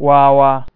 wawa